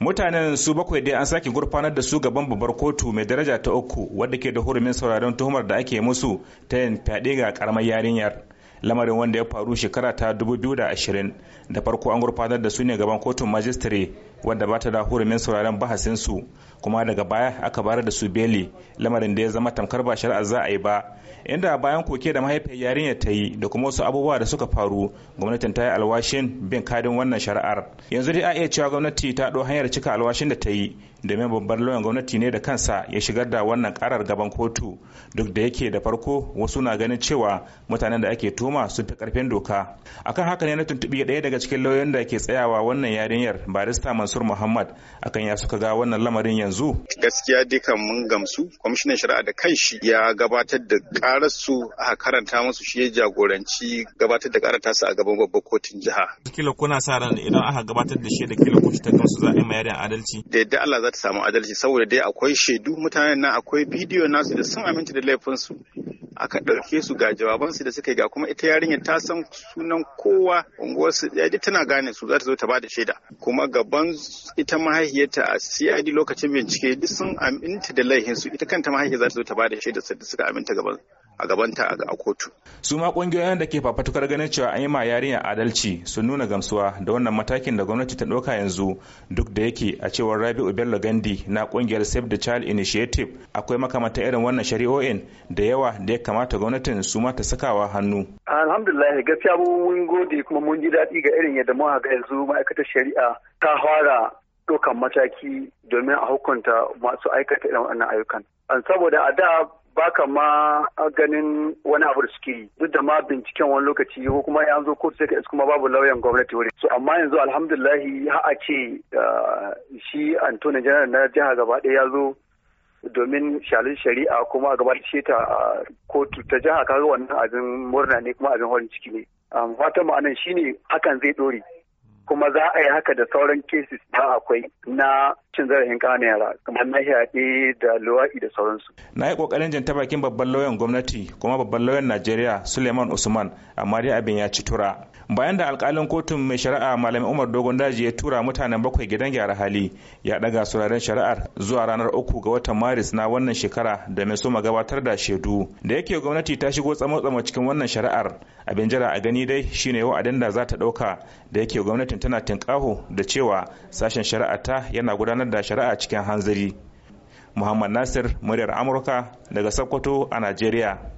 mutanen su bakwai dai an sake gurfanar da su gaban babbar kotu mai daraja ta uku wadda ke da hurumin sauraron tuhumar da ake musu ta yin fyaɗe ga karamar yarinyar lamarin wanda ya faru shekara ta 2020 da farko an gurfanar da su ne gaban kotun majistare wanda ba ta da hurumin sauraron bahasinsu kuma daga baya aka bayar da su beli lamarin da ya zama tamkar ba shari'a za a yi ba inda bayan koke da mahaifiyar yarinyar ta yi da kuma wasu abubuwa da suka faru gwamnatin ta yi alwashin bin kadin wannan shari'ar yanzu dai a iya cewa gwamnati ta ɗau hanyar cika alwashin da ta yi domin babban lauyan gwamnati ne da kansa ya shigar da wannan karar gaban kotu duk da yake da farko wasu na ganin cewa mutanen da ake tuma sun fi karfin doka akan haka ne na tuntuɓi ɗaya daga cikin lauyoyin da ke tsayawa wannan yarinyar barista mansur muhammad akan ya suka ga wannan lamarin yanzu gaskiya dukan mun gamsu kwamishinan shari'a da kanshi ya gabatar da karar su a karanta musu shi ya jagoranci gabatar da karar tasu a gaban babban kotun jiha kila kuna sa ran idan aka gabatar da shi da kila kuma ta gamsu za a yi da adalci da yadda Allah za ta samu adalci saboda dai akwai shaidu mutanen nan akwai bidiyo nasu da sun aminta da laifin su aka ɗauke su ga jawabansu da suka yi ga kuma ita yarinyar ta san sunan kowa unguwarsu yaji tana gane su za ta zo ta bada shaida kuma gaban ita mahaifiyarta a CID lokacin bincike duk sun aminta da laihin su ita kanta mahaifiyar za ta zo ta bada shaida da suka aminta gaban a gabanta a kotu. su ma kungiyoyin da ke fafatukar ganin cewa an yi ma yarinya adalci sun nuna gamsuwa da wannan matakin da gwamnati ta ɗauka yanzu duk da yake a cewar rabi'u bello gandi na kungiyar save the child initiative akwai makamata irin wannan shari'o'in da yawa da ya kamata gwamnatin su ma ta sakawa hannu. alhamdulillah gaskiya mun gode kuma mun ji daɗi ga irin yadda muka ga yanzu ma'aikatar shari'a ta fara ɗaukan mataki domin a hukunta masu aikata irin wannan ayyukan. saboda a da baka ma ganin wani abu da suke yi duk da ma binciken wani lokaci ko kuma ya zo kotu sai ka kuma babu lauyan gwamnati wuri so amma yanzu alhamdulillahi ha a ce ah, shi antonio janar na jiha gaba ɗaya ya zo domin shalin shari'a kuma a gabatar ta a kotu ta jiha kaga wannan abin murna ne kuma abin horin ciki ne fatan ma'anan ne hakan zai ɗore kuma za a yi haka da sauran cases da akwai na cin zarafin ƙananan yara kamar na yaɗe da luwaɗi da sauransu. Na yi ƙoƙarin janta bakin babban lauyan gwamnati kuma babban lauyan Najeriya Suleiman Usman amma dai abin ya ci tura. bayan da alkalin kotun mai shari'a malami umar dogon daji ya tura mutanen bakwai gidan gyara hali ya daga suraren shari'ar zuwa ranar uku ga watan maris na wannan shekara da mai so gabatar da shaidu da yake gwamnati ta shigo tsamo-tsamo cikin wannan shari'ar abin jira a gani dai shine wa'adin da za ta dauka da yake gwamnatin tana tinkaho da cewa sashen shari'a ta yana gudanar da shari'a cikin hanzari muhammad nasir muryar amurka daga sokoto a najeriya